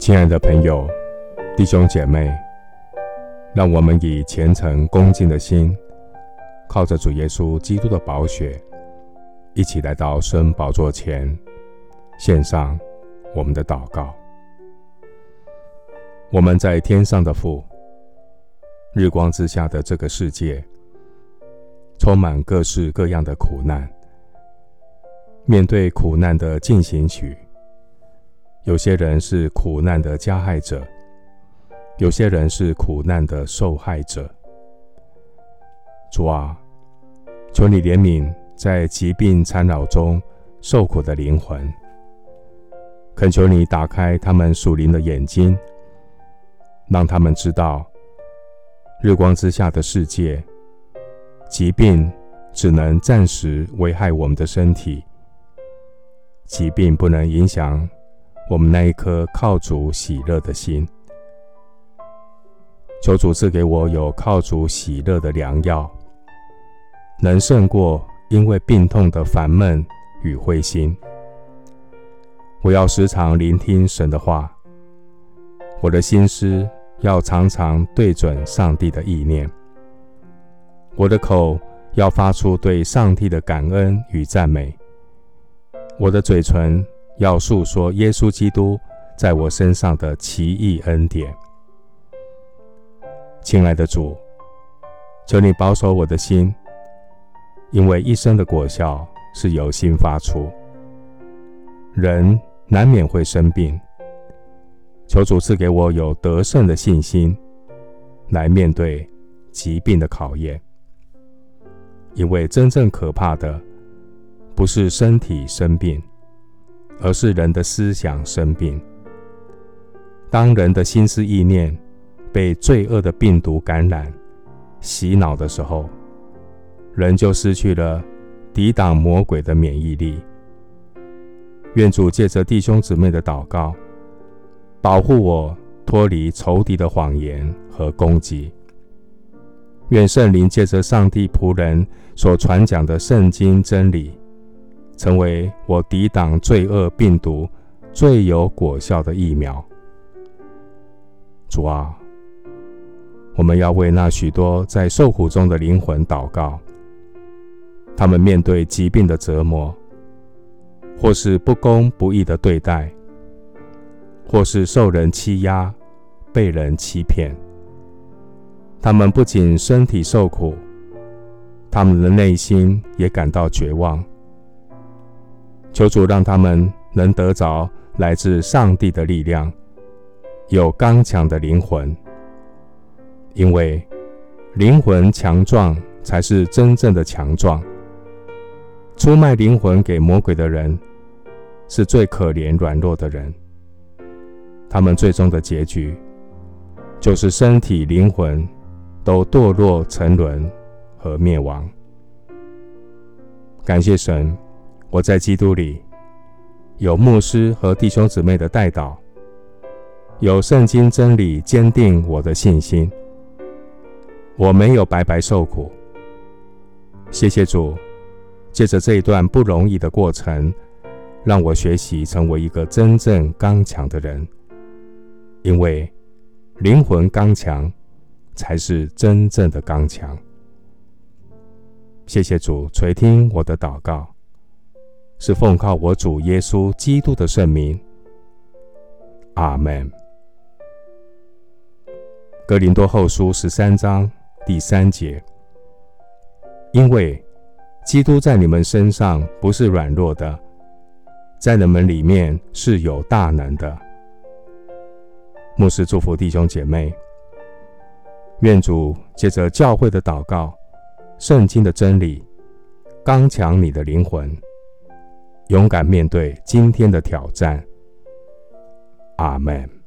親愛的朋友、弟兄姐妹，讓我們以虔誠恭敬的心，靠着主耶穌基督的寶血，一起來到神寶座前，獻上我們的禱告。我們在天上的父，日光之下的這個世界，充滿各式各樣的苦難。面對苦難的進行曲。有些人是苦難的加害者，有些人是苦難的受害者。主啊，求你憐憫在疾病纏繞中受苦的靈魂，懇求你打開他們屬靈的眼睛，讓他們知道日光之下的世界，疾病只能暫時危害我們的身體，疾病不能影響，我們那一顆靠主喜樂的心，求主賜給我有靠主喜樂的良藥，能勝過因為病痛的煩悶與灰心。我要時常聆聽神的話，我的心思要常常對準上帝的意念，我的口要發出對上帝的感恩與讚美，我的嘴唇。要訴說耶穌基督在我身上的奇異恩典。親愛的主，求你保守我的心，因為一生的果效是由心發出。人難免會生病，求主賜給我有得勝的信心，來面對疾病的考驗。因為真正可怕的，不是身體生病。而是人的思想生病。當人的心思意念被罪惡的病毒感染、洗腦的時候，人就失去了抵擋魔鬼的免疫力。願主借着弟兄姊妹的禱告，保護我脫離仇敵的謊言和攻擊。願聖靈借着上帝僕人所傳講的聖經真理，成為我抵擋罪惡病毒最有果效的疫苗。主啊，我們要為那許多在受苦中的靈魂禱告。他們面對疾病的折磨，或是不公不義的對待，或是受人欺壓、被人欺騙。他們不僅身體受苦，他們的內心也感到絕望。求主讓他們能得着來自上帝的力量，有剛強的靈魂，因為靈魂強壯才是真正的強壯。出賣靈魂給魔鬼的人是最可憐軟弱的人，他們最終的結局就是身體靈魂都墮落沉淪和滅亡。感謝神。我在基督裡有牧師和弟兄姊妹的代禱，有聖經真理堅定我的信心。我沒有白白受苦，謝謝主。借着這一段不容易的過程，讓我學習成為一個真正剛強的人，因為靈魂剛強才是真正的剛強。謝謝主垂聽我的禱告。是奉靠我主耶穌基督的聖名，阿門。格林多後書十三章第三節，因為基督在你們身上不是軟弱的，在你們裡面是有大能的。牧師祝福弟兄姐妹，願主借着教會的禱告、聖經的真理，剛強你的靈魂。勇敢面對今天的挑戰。阿門。